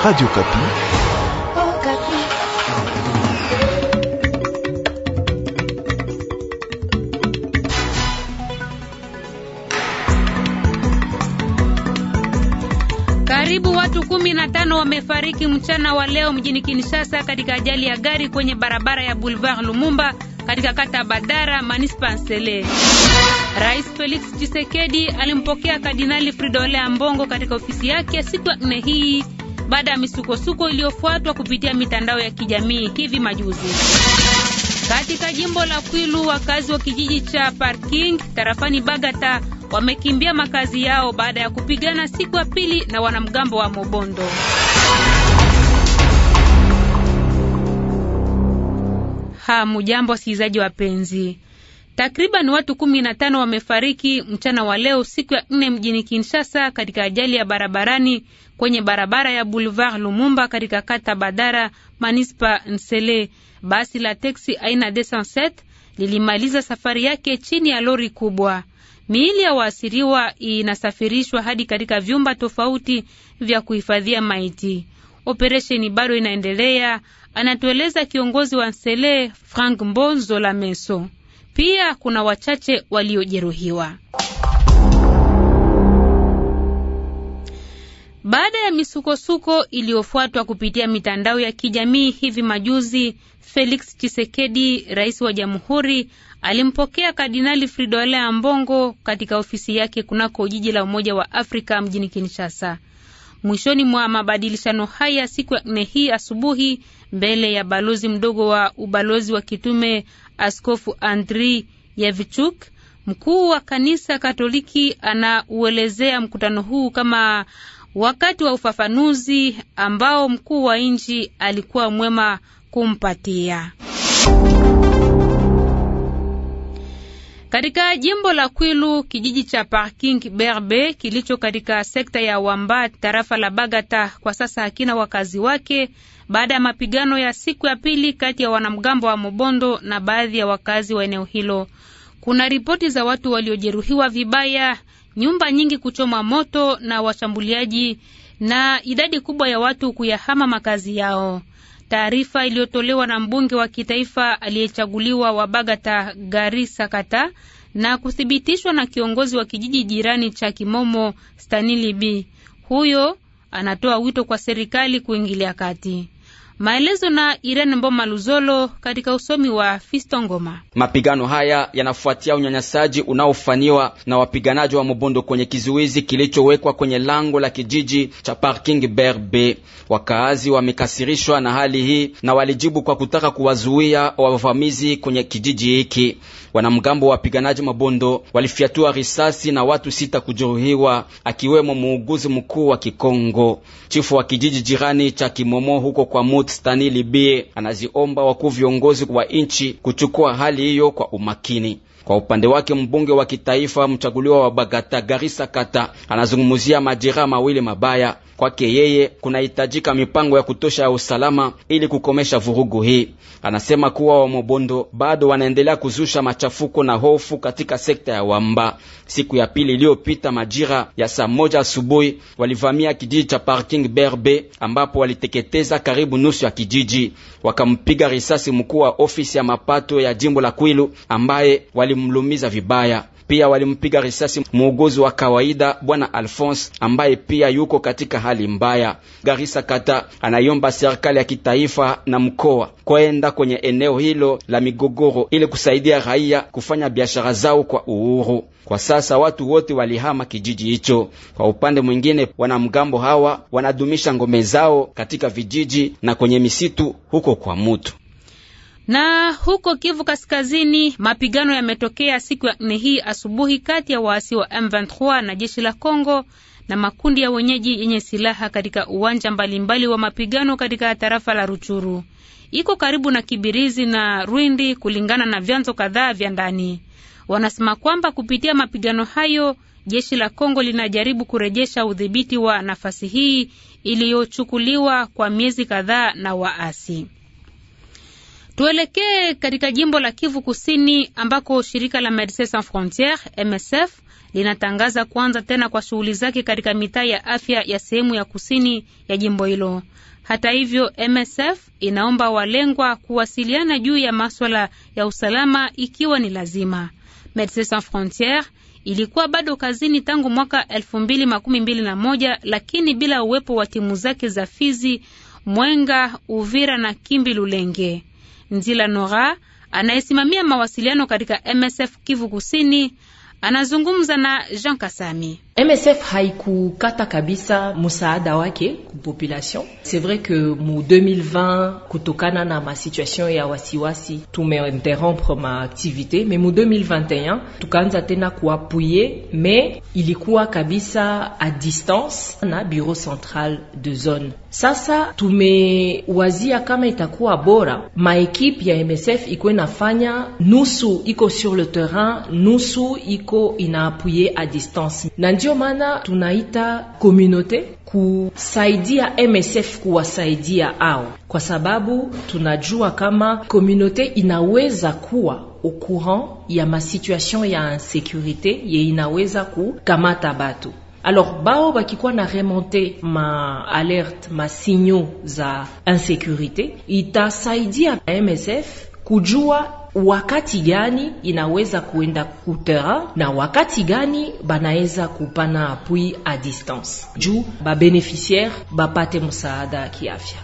Radio Kapi. Oh, Kapi. Karibu watu kumi na tano wamefariki mchana wa leo mjini Kinshasa katika ajali ya gari kwenye barabara ya Boulevard Lumumba katika kata Badara Manispa Nsele. Rais Felix Tshisekedi alimpokea Kardinali Fridolin Ambongo katika ofisi yake siku ya nne hii baada ya misukosuko iliyofuatwa kupitia mitandao ya kijamii hivi majuzi. Katika jimbo la Kwilu, wakazi wa kijiji cha Parking tarafani Bagata wamekimbia makazi yao baada ya kupigana siku ya pili na wanamgambo wa Mobondo. Hamujambo wasikilizaji wapenzi. Takriban watu kumi na tano wamefariki mchana wa leo siku ya nne mjini Kinshasa katika ajali ya barabarani kwenye barabara ya Boulevard Lumumba katika kata Badara Manispa Nsele. Basi la teksi aina d lilimaliza safari yake chini ya lori kubwa. Miili ya waasiriwa inasafirishwa hadi katika vyumba tofauti vya kuhifadhia maiti. Operesheni bado inaendelea, anatueleza kiongozi wa Nsele Frank Mbonzo la Meso. Pia kuna wachache waliojeruhiwa. Baada ya misukosuko iliyofuatwa kupitia mitandao ya kijamii hivi majuzi, Felix Tshisekedi, rais wa jamhuri, alimpokea Kardinali Fridole Ambongo katika ofisi yake kunako jiji la Umoja wa Afrika mjini Kinshasa. Mwishoni mwa mabadilishano haya siku ya nne hii asubuhi, mbele ya balozi mdogo wa ubalozi wa kitume Askofu Andri Yevichuk, mkuu wa kanisa Katoliki, anauelezea mkutano huu kama wakati wa ufafanuzi ambao mkuu wa nchi alikuwa mwema kumpatia. Katika jimbo la Kwilu, kijiji cha Parking Berbe kilicho katika sekta ya Wamba, tarafa la Bagata, kwa sasa hakina wakazi wake baada ya mapigano ya siku ya pili kati ya wanamgambo wa Mobondo na baadhi ya wakazi wa eneo hilo. Kuna ripoti za watu waliojeruhiwa vibaya, nyumba nyingi kuchoma moto na washambuliaji na idadi kubwa ya watu kuyahama makazi yao. Taarifa iliyotolewa na mbunge wa kitaifa aliyechaguliwa wa Bagata Gari Sakata na kuthibitishwa na kiongozi wa kijiji jirani cha Kimomo Stanili B. Huyo anatoa wito kwa serikali kuingilia kati. Maelezo na Irene Mboma Luzolo katika usomi wa Fisto Ngoma. Mapigano haya yanafuatia unyanyasaji unaofanywa na wapiganaji wa Mobondo kwenye kizuizi kilichowekwa kwenye lango la kijiji cha Parking Berbe. Wakaazi wamekasirishwa na hali hii na walijibu kwa kutaka kuwazuia wavamizi kwenye kijiji hiki. Wanamgambo wa wapiganaji Mabondo walifyatua risasi na watu sita kujeruhiwa, akiwemo muuguzi mkuu wa Kikongo. Chifu wa kijiji jirani cha Kimomo huko kwa Mut Stani Libie anaziomba wakuu viongozi wa nchi kuchukua hali hiyo kwa umakini. Kwa upande wake mbunge wa kitaifa mchaguliwa wa Bagata Garisa Kata anazungumzia majeraha mawili mabaya Kwake yeye kunahitajika mipango ya kutosha ya usalama ili kukomesha vurugu hii. Anasema kuwa Wamobondo bado wanaendelea kuzusha machafuko na hofu katika sekta ya Wamba. Siku ya pili iliyopita majira ya saa moja asubuhi walivamia kijiji cha Parking Berbe ambapo waliteketeza karibu nusu ya kijiji, wakampiga risasi mkuu wa ofisi ya mapato ya jimbo la Kwilu ambaye walimlumiza vibaya pia walimpiga risasi muuguzi wa kawaida bwana Alphonse ambaye pia yuko katika hali mbaya. Garissa Kata anaiomba serikali ya kitaifa na mkoa kwenda kwenye eneo hilo la migogoro ili kusaidia raia kufanya biashara zao kwa uhuru. Kwa sasa watu wote walihama kijiji hicho. Kwa upande mwingine, wanamgambo hawa wanadumisha ngome zao katika vijiji na kwenye misitu huko kwa mutu. Na huko Kivu Kaskazini, mapigano yametokea siku ya nne hii asubuhi kati ya waasi wa M23 na jeshi la congo na makundi ya wenyeji yenye silaha katika uwanja mbalimbali mbali wa mapigano katika tarafa la Ruchuru iko karibu na Kibirizi na Rwindi. Kulingana na vyanzo kadhaa vya ndani, wanasema kwamba kupitia mapigano hayo jeshi la Kongo linajaribu kurejesha udhibiti wa nafasi hii iliyochukuliwa kwa miezi kadhaa na waasi. Tuelekee katika jimbo la Kivu Kusini ambako shirika la Medecins Sans Frontieres MSF linatangaza kuanza tena kwa shughuli zake katika mitaa ya afya ya sehemu ya kusini ya jimbo hilo. Hata hivyo, MSF inaomba walengwa kuwasiliana juu ya maswala ya usalama ikiwa ni lazima. Medecins Sans Frontieres ilikuwa bado kazini tangu mwaka 2021 lakini bila uwepo wa timu zake za Fizi, Mwenga, Uvira na Kimbi Lulenge. Nzila Nora anayesimamia mawasiliano katika MSF Kivu Kusini anazungumza na Jean Kasami. MSF haikukata kabisa msaada wake kupopulation. C'est vrai que mu 2020 kutokana na ma situation ya wasiwasi tumeinterrompre ma activité, mais mu 2021 tukaanza tena kuapuye, mais ilikuwa kabisa a distance na bureau central de zone. Sasa tumewazia kama itakuwa bora maekipe ya MSF iko inafanya nusu iko sur le terrain, nusu iko inaapuye a distance na ndio ndio maana tunaita komunote kusaidia MSF kuwasaidia ao, kwa sababu tunajua kama komunote inaweza kuwa au courant ya masituation ya insekurite ye inaweza kukamata batu alors bao bakikuwa na remonte ma alerte ma signaux za insekurite, itasaidia MSF kujua wakati gani inaweza kuenda kutera na wakati gani banaweza kupana apui a distance juu babeneficiaire bapate msaada ya kiafya.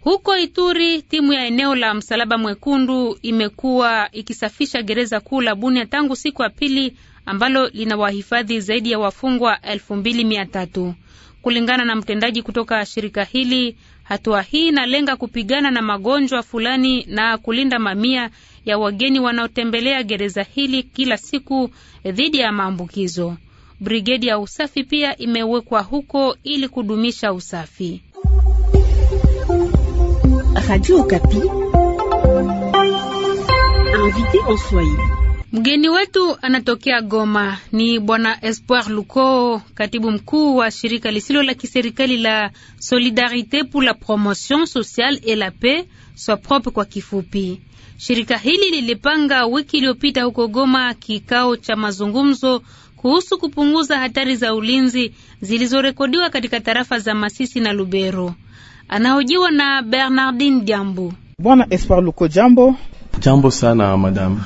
Huko Ituri, timu ya eneo la Msalaba Mwekundu imekuwa ikisafisha gereza kuu la Bunia tangu siku ya pili, ambalo lina wahifadhi zaidi ya wafungwa elfu mbili mia tatu. Kulingana na mtendaji kutoka shirika hili, hatua hii inalenga kupigana na magonjwa fulani na kulinda mamia ya wageni wanaotembelea gereza hili kila siku dhidi ya maambukizo. Brigedi ya usafi pia imewekwa huko ili kudumisha usafi. Radio Okapi. Mgeni wetu anatokea Goma ni Bwana Espoir Luko, katibu mkuu wa shirika lisilo la kiserikali la Solidarite pour la Promotion Sociale et la Paix, SOPROP kwa kifupi. Shirika hili lilipanga wiki iliyopita huko Goma kikao cha mazungumzo kuhusu kupunguza hatari za ulinzi zilizorekodiwa katika tarafa za Masisi na Lubero. Anahojiwa na Bernardin Diambu. Bwana Espoir Luko, jambo. Jambo sana madam.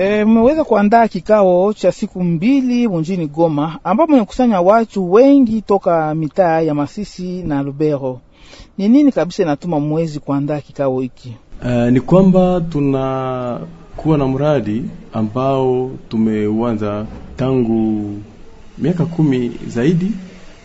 E, mmeweza kuandaa kikao cha siku mbili mjini Goma ambapo mnakusanya watu wengi toka mitaa ya Masisi na Lubero. Ni nini kabisa inatuma mwezi kuandaa kikao hiki? E, ni kwamba tunakuwa na mradi ambao tumeuanza tangu miaka kumi zaidi,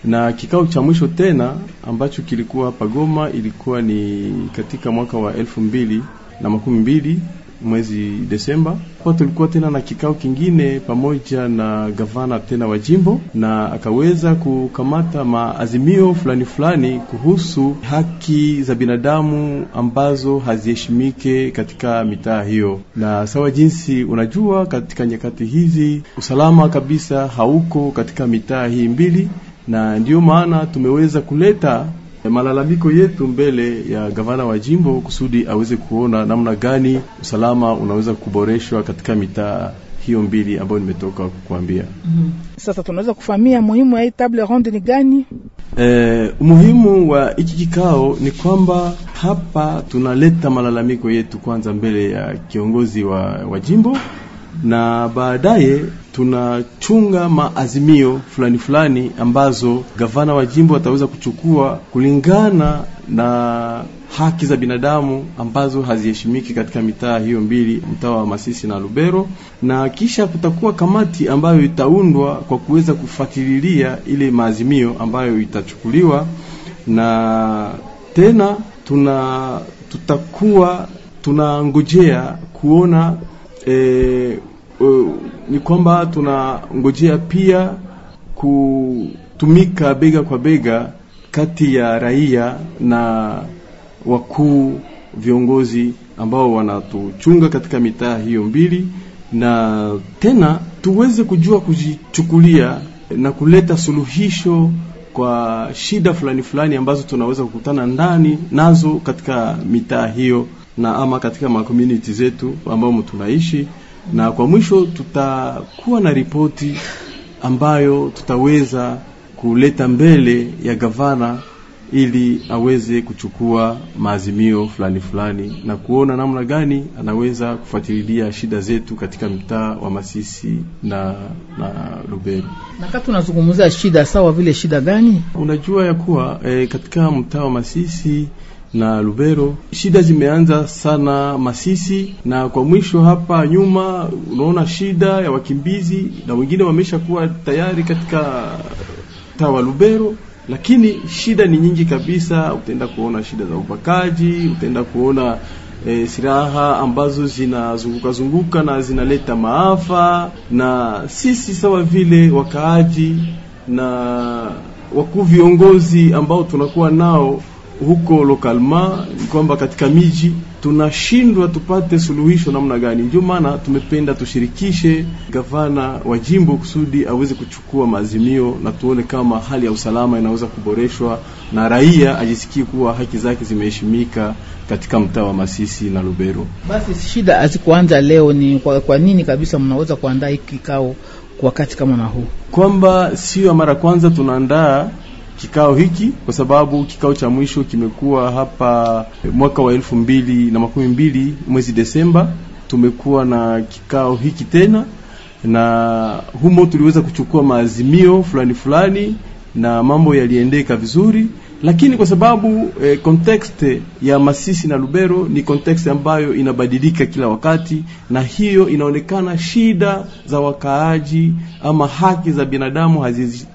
na kikao cha mwisho tena ambacho kilikuwa hapa Goma ilikuwa ni katika mwaka wa elfu mbili na makumi mbili mwezi Desemba, kwa tulikuwa tena na kikao kingine pamoja na gavana tena wa jimbo, na akaweza kukamata maazimio fulani fulani kuhusu haki za binadamu ambazo haziheshimike katika mitaa hiyo. Na sawa jinsi unajua, katika nyakati hizi usalama kabisa hauko katika mitaa hii mbili, na ndiyo maana tumeweza kuleta E, malalamiko yetu mbele ya gavana wa jimbo kusudi aweze kuona namna gani usalama unaweza kuboreshwa katika mitaa hiyo mbili ambayo nimetoka kukuambia. Mm -hmm. Sasa tunaweza kufahamia muhimu ya hii table ronde ni gani? Eh, umuhimu wa hiki kikao ni kwamba hapa tunaleta malalamiko yetu kwanza mbele ya kiongozi wa, wa jimbo na baadaye tunachunga maazimio fulani fulani ambazo gavana wa jimbo ataweza kuchukua kulingana na haki za binadamu ambazo haziheshimiki katika mitaa hiyo mbili, mtaa wa Masisi na Lubero, na kisha kutakuwa kamati ambayo itaundwa kwa kuweza kufuatilia ile maazimio ambayo itachukuliwa, na tena tuna tutakuwa tunangojea kuona e, ni kwamba tunangojea pia kutumika bega kwa bega kati ya raia na wakuu viongozi ambao wanatuchunga katika mitaa hiyo mbili, na tena tuweze kujua kujichukulia na kuleta suluhisho kwa shida fulani fulani ambazo tunaweza kukutana ndani nazo katika mitaa hiyo na ama katika makomuniti zetu ambamo tunaishi na kwa mwisho tutakuwa na ripoti ambayo tutaweza kuleta mbele ya gavana ili aweze kuchukua maazimio fulani fulani na kuona namna gani anaweza kufuatilia shida zetu katika mtaa wa Masisi na na Lubero. Na kama tunazungumzia shida sawa vile shida gani? Unajua ya kuwa e, katika mtaa wa Masisi na Lubero. Shida zimeanza sana Masisi, na kwa mwisho hapa nyuma unaona shida ya wakimbizi, na wengine wamesha kuwa tayari katika tawa Lubero lakini shida ni nyingi kabisa. Utaenda kuona shida za ubakaji, utaenda kuona e, silaha ambazo zinazunguka zunguka na zinaleta maafa, na sisi sawa vile wakaaji na wakuu viongozi ambao tunakuwa nao huko lokalma kwamba katika miji tunashindwa tupate suluhisho namna gani. Ndio maana tumependa tushirikishe gavana wa jimbo kusudi aweze kuchukua maazimio na tuone kama hali ya usalama inaweza kuboreshwa na raia ajisikie kuwa haki zake zimeheshimika katika mtaa wa Masisi na Lubero. Basi shida hazikuanza leo. Ni kwa, kwa nini kabisa mnaweza kuandaa hiki kikao wakati kama na huu, kwamba sio mara kwanza tunaandaa kikao hiki kwa sababu kikao cha mwisho kimekuwa hapa mwaka wa elfu mbili na makumi mbili mwezi Desemba. Tumekuwa na kikao hiki tena, na humo tuliweza kuchukua maazimio fulani fulani na mambo yaliendeka vizuri lakini kwa sababu eh, context ya Masisi na Lubero ni context ambayo inabadilika kila wakati, na hiyo inaonekana shida za wakaaji ama haki za binadamu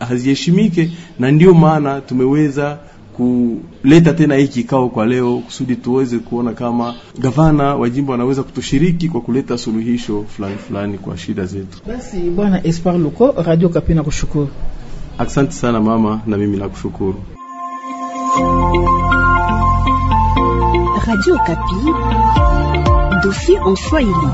haziheshimike, na ndio maana tumeweza kuleta tena hii kikao kwa leo kusudi tuweze kuona kama gavana wa jimbo anaweza kutushiriki kwa kuleta suluhisho fulani fulani kwa shida zetu. Basi bwana Espoir Luko, Radio Kapi, kushukuru. Asante sana mama, na mimi nakushukuru. Radio Okapi, dossier en Swahili.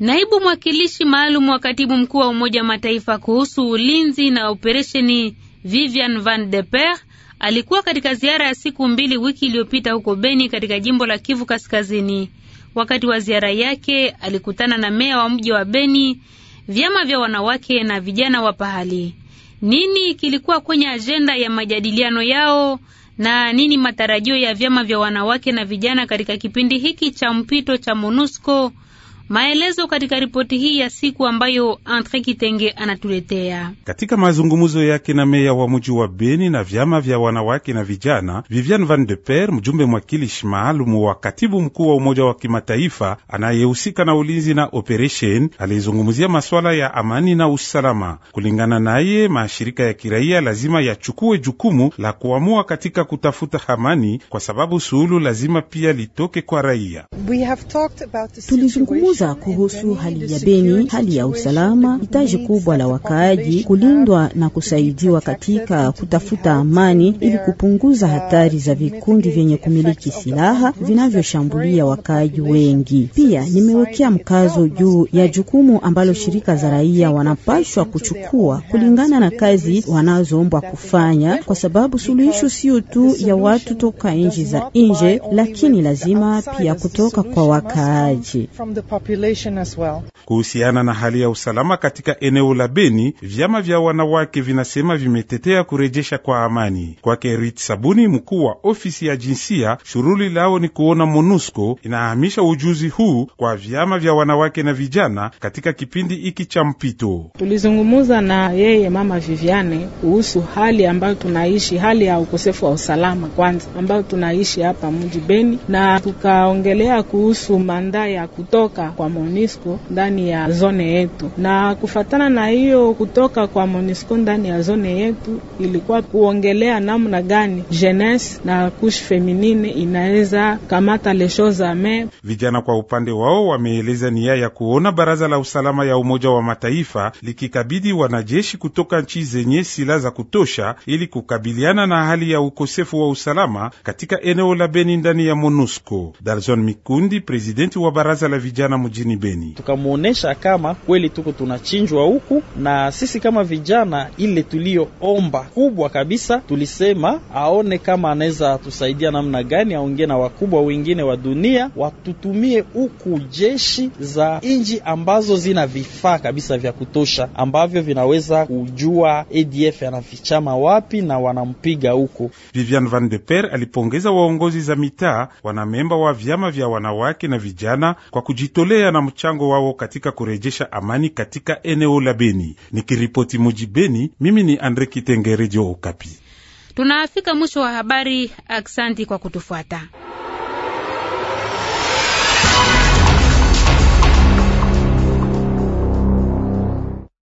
Naibu mwakilishi maalum wa katibu mkuu wa Umoja wa Mataifa kuhusu ulinzi na operesheni Vivian Van de Per alikuwa katika ziara ya siku mbili wiki iliyopita huko Beni katika jimbo la Kivu Kaskazini. Wakati wa ziara yake alikutana na meya wa mji wa Beni, vyama vya wanawake na vijana wa pahali. Nini kilikuwa kwenye ajenda ya majadiliano yao na nini matarajio ya vyama vya wanawake na vijana katika kipindi hiki cha mpito cha MONUSCO Maelezo katika ripoti hii ya siku ambayo Andre Kitenge anatuletea. Katika mazungumzo yake na meya wa mji wa Beni na vyama vya wanawake na vijana, Vivian Van de Per, mjumbe mwakilishi maalum wa katibu mkuu wa Umoja wa Kimataifa anayehusika na ulinzi na operesheni, alizungumzia masuala ya amani na usalama. Kulingana naye, mashirika ya kiraia lazima yachukue jukumu la kuamua katika kutafuta amani, kwa sababu suluhu lazima pia litoke kwa raia. We have kuzungumza kuhusu hali ya Beni, hali ya usalama, hitaji kubwa la wakaaji kulindwa na kusaidiwa katika kutafuta amani ili kupunguza hatari za vikundi vyenye kumiliki silaha vinavyoshambulia wakaaji wengi. Pia nimewekea mkazo juu ya jukumu ambalo shirika za raia wanapashwa kuchukua kulingana na kazi wanazoombwa kufanya, kwa sababu suluhisho sio tu ya watu toka nchi za nje, lakini lazima pia kutoka kwa wakaaji population as well. Kuhusiana na hali ya usalama katika eneo la Beni, vyama vya wanawake vinasema vimetetea kurejesha kwa amani. Kwake Rit Sabuni, mkuu wa ofisi ya jinsia, shughuli lao ni kuona MONUSCO inahamisha ujuzi huu kwa vyama vya wanawake na vijana katika kipindi hiki cha mpito. Tulizungumuza na yeye mama Viviane kuhusu hali ambayo tunaishi, hali ya ukosefu wa usalama kwanza ambayo tunaishi hapa mji Beni, na tukaongelea kuhusu manda ya kutoka kwa Monisco ndani ya zone yetu, na kufatana na hiyo kutoka kwa Monisco ndani ya zone yetu ilikuwa kuongelea namna gani jeunesse na couche feminine inaweza kamata leshozame. Vijana kwa upande wao wameeleza nia ya kuona baraza la usalama ya Umoja wa Mataifa likikabidhi wanajeshi kutoka nchi zenye silaha za kutosha ili kukabiliana na hali ya ukosefu wa usalama katika eneo la Beni ndani ya MONUSCO. Dalzon Mikundi, presidenti wa baraza la vijana mjini Beni, tukamwonyesha kama kweli tuko tunachinjwa huku, na sisi kama vijana, ile tuliyoomba kubwa kabisa tulisema aone kama anaweza tusaidia namna gani, aongee na wakubwa wengine wa dunia watutumie huku jeshi za nchi ambazo zina vifaa kabisa vya kutosha ambavyo vinaweza kujua ADF anafichama wapi na wanampiga huko. Vivian Van de Per alipongeza waongozi za mitaa, wanamemba wa vyama vya wanawake na vijana kwa kujitolea wanaendelea na mchango wao katika kurejesha amani katika eneo la Beni. Nikiripoti muji Beni, mimi ni Andre Kitenge, Redio Okapi. Tunaafika mwisho wa habari. Aksanti kwa kutufuata.